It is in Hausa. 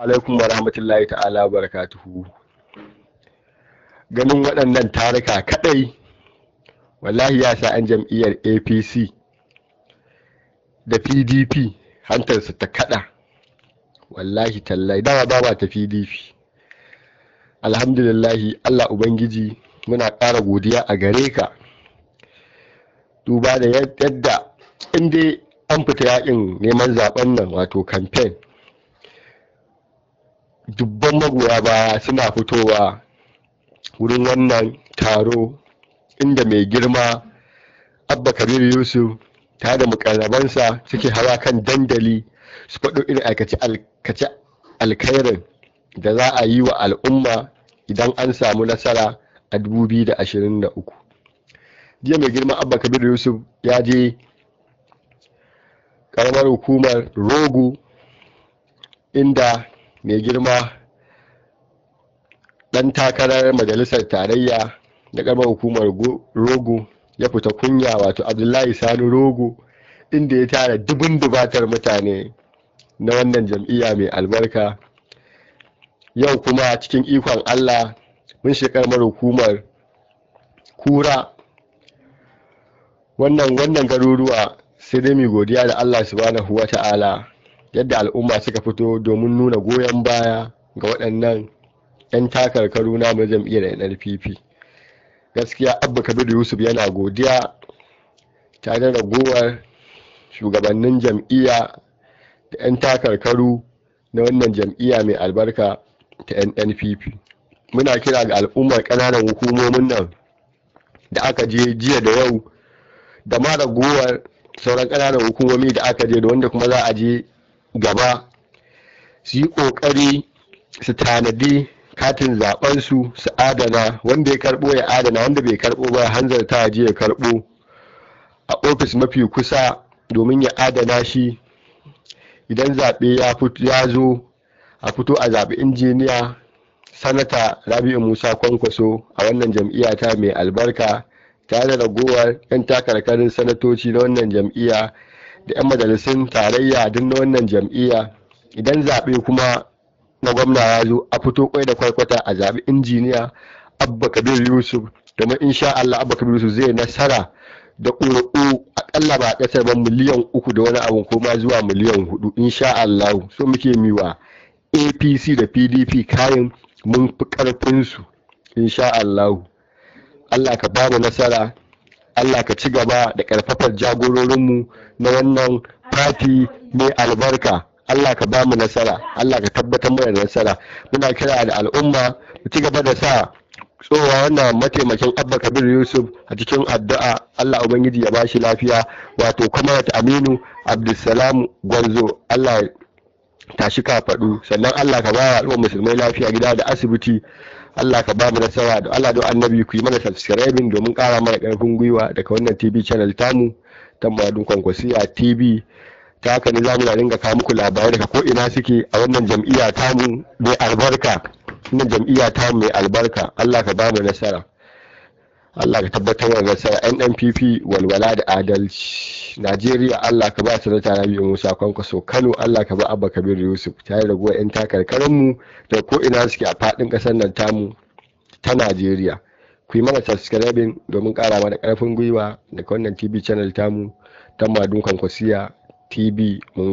alaikum wa rahmatullahi ta'ala barakatuhu ganin waɗannan tarika kaɗai wallahi ya sa an jam'iyyar apc da pdp hantarsa ta kaɗa wallahi tallahi dawa ba ba ta pdp alhamdulillahi allah ubangiji muna ƙara godiya a gare ka duba da yadda inda an fita yaƙin neman zaɓen nan wato kamfen. dubban magoya baya suna fitowa wurin wannan taro inda mai girma abba kabir yusuf tare da mukarrabansa suke hawa kan dandali su faɗo irin aikace alkhairin da za a yi wa al'umma idan an samu nasara a 2023 jiya mai girma abba kabir yusuf ya je karamar hukumar rogo inda mai girma 'dan takarar majalisar tarayya na ƙaramar hukumar rogo ya fita kunya wato abdullahi sani rogo inda ya tara dubun dubatar mutane na wannan jam'iyya mai albarka yau kuma cikin ikon allah mun mara hukumar kura wannan wannan garuruwa sai dai mai godiya da allah subhanahu wa ta'ala yadda al'umma suka fito domin nuna goyon baya ga waɗannan 'yan takarkaru na jam'iyyar NNPP. gaskiya abba kabir yusuf yana godiya tare da gowar shugabannin jam'iyya da 'yan takarkaru na wannan jam'iyya mai albarka ta nnpp muna kira ga al'ummar ƙananan hukumomin nan da aka je jiya da yau da ma ragowar sauran ƙananan hukumomi da aka je da wanda kuma za a je gaba su yi ƙoƙari su tanadi katin zabansu su adana wanda ya karbo ya adana wanda bai karɓo ba hanzarta je ya karɓo a ofis mafi kusa domin ya adana shi idan zaɓe ya zo a fito a zaɓi injiniya sanata rabi'u musa kwankwaso a wannan jam'iyya ta mai albarka tare da ragowar 'yan takarkarin sanatoci na wannan jam'iyya da 'yan majalisun tarayya duk na wannan jam'iyya idan zaɓe kuma na gwamna ya zo a fito kwai da kwaikwata a zaɓi injiniya abba kabir yusuf domin insha allah abba kabir yusuf zai nasara da ƙuri'u akalla ba ƙasar ba miliyan uku da wani abu ko ma zuwa miliyan hudu insha allah so muke miwa apc da pdp kayan mun fi ƙarfinsu insha allah allah ka ba mu nasara Allah ka ci gaba da ƙarfafar jagororinmu na wannan fati mai albarka Allah ka ba mu nasara Allah ka tabbatar mana da nasara muna kira da al'umma mu ci gaba da sa tsohuwa wannan mataimakin abba kabir yusuf a cikin addu'a allah ubangiji ya shi lafiya wato kwamarat aminu abdulsalam gwanzo allah tashi ka faɗu sannan allah ka ba wa al'ummar musulmai lafiya gida da asibiti Allah ka ba mu nasara da Allah don annabi ku yi mana subscribing domin kara mana karfin gwiwa daga wannan TV channel tamu ta Madun Kwankwasiya TV ta haka ne zamu dinga kawo muku labarai daga ko ina suke a wannan jam'iyya tamu mai albarka wannan jam'iyya tamu mai albarka Allah ka ba mu nasara Allah ka tabbatar da gasar NNPP walwala da adalci Najeriya Allah ka ba sanata Rabi Musa Kwankwaso Kano Allah ka ba Abba Kabir Yusuf tare da goyon 'yan mu da ko ina suke a faɗin ƙasar nan tamu ta Najeriya ku yi mana subscribing domin ƙara mana ƙarfin gwiwa da wannan TV channel tamu ta Madun Kwankwasiya TV mun